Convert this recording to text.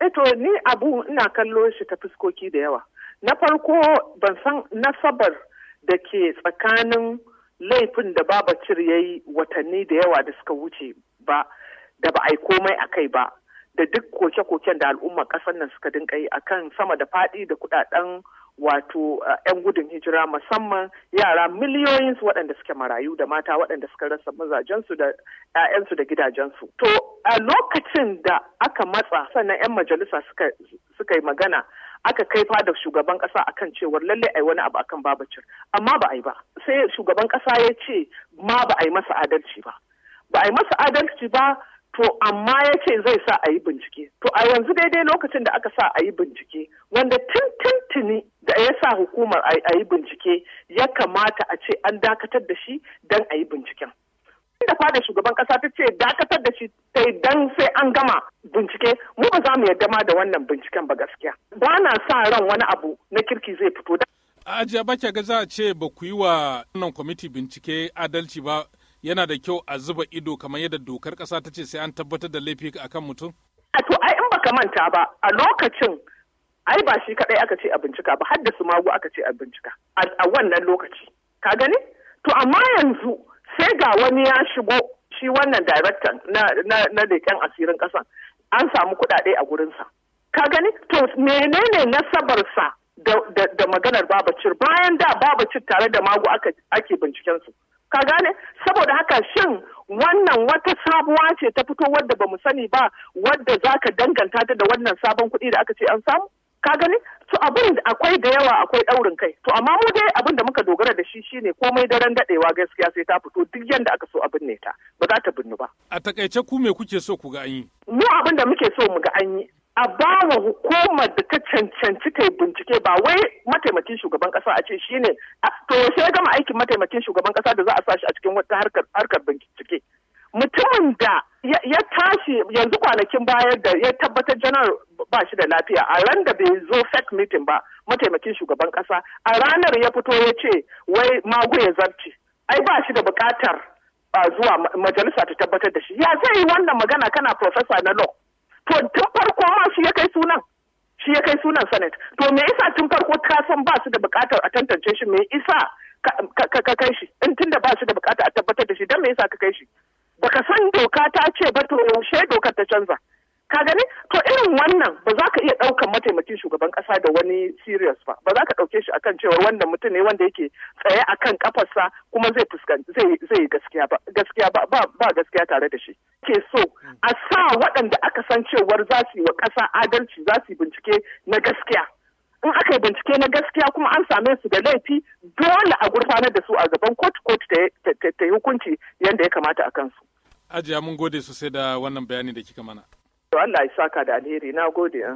Eto eh, ni abu ina kallo shi ta fuskoki da yawa. Na farko ban san nasabar da ke tsakanin laifin da baba ya yi watanni da yawa da suka wuce ba da ba a yi komai a kai ba da duk koke-koken da al'ummar ƙasar nan suka dinka yi akan sama da faɗi da kuɗaɗen wato 'yan uh, gudun hijira musamman yara miliyoyin su waɗanda suke marayu da mata waɗanda suka rasa mazajensu da 'ya'yansu da gidajensu. To a lokacin da aka matsa sannan 'yan majalisa suka yi magana aka kai da shugaban kasa akan cewar lalle ai wani abu akan babacir amma ba a ba sai shugaban ƙasa ya ce ma ba a yi masa adalci ba ba a yi masa adalci ba to amma ya ce zai sa a yi bincike to a yanzu daidai lokacin da aka sa a yi bincike wanda tuntuntuni da ya sa hukumar a yi bincike ya kamata a ce an dakatar da shi don a yi binciken da fada shugaban kasa ta ce dakatar da shi ta dan sai an gama bincike mu ba za mu yadda ma da wannan binciken ba gaskiya ba na sa ran wani abu na kirki zai fito da ajiya ba ga za a ce ba ku yi wa wannan kwamiti bincike adalci ba yana da kyau a zuba ido kamar yadda dokar ƙasa ta ce sai an tabbatar da laifi a kan mutum? To ai in baka manta ba a lokacin ai ba shi kaɗai aka ce a bincika ba har da su magu aka ce a bincika a wannan lokaci ka gani to amma yanzu sai ga wani ya shigo shi wannan daraktan na na asirin ƙasa an samu kuɗaɗe a gurinsa ka gani to menene nasabarsa da, da, da maganar babacir bayan da babacir tare da magu ake bincikensu ka gane saboda haka shin wannan wata sabuwa ce ta fito wadda ba mu sani ba wadda za ka danganta ta da wannan sabon kuɗi da aka ce an samu ka gani to abin akwai da yawa akwai ɗaurin kai to amma mu dai abin da muka dogara da shi shine komai daren daɗewa gaskiya sai ta fito duk yanda aka so a binne ta ba za ta binnu ba a takaice ku me kuke so ku ga an mu abin da muke so mu ga an yi a ba wa hukumar da ta cancanci ta bincike ba wai mataimakin shugaban kasa a ce shi ne to sai gama aikin mataimakin shugaban kasa da za a sa shi a cikin wata harkar bincike mutumin da ya tashi yanzu kwanakin baya da ya tabbatar janar ba shi da lafiya a ran da bai zo fake meeting ba mataimakin shugaban kasa a ranar ya fito ya ce wai magu ya zarce ai ba shi da bukatar zuwa majalisa ta tabbatar da shi ya zai yi wannan magana kana profesa na law to amma shi ya kai sunan shi ya kai sunan senate to me isa tun farko ka san ba su da bukatar a tantance shi me isa ka kai shi in tunda ba su da bukatar a tabbatar da shi dan me isa ka kai shi baka san doka ta ce ba to yaushe dokar ta canza ka gani irin wannan ba za ka iya ɗaukan mataimakin shugaban ƙasa da wani serious ba ba za ka ɗauke shi akan cewa wannan mutum ne wanda yake tsaye akan kafarsa kuma zai fuskanci zai gaskiya ba gaskiya ba ba gaskiya tare da shi ke so a sa waɗanda aka san cewar za su yi wa ƙasa adalci za su yi bincike na gaskiya in aka yi bincike na gaskiya kuma an same su da laifi dole a gurfanar da su a gaban kotu kotu ta yi hukunci yadda ya kamata a kansu. Ajiya mun gode sosai da wannan bayani da kika mana. To Allah ya saka da alheri. Na gode.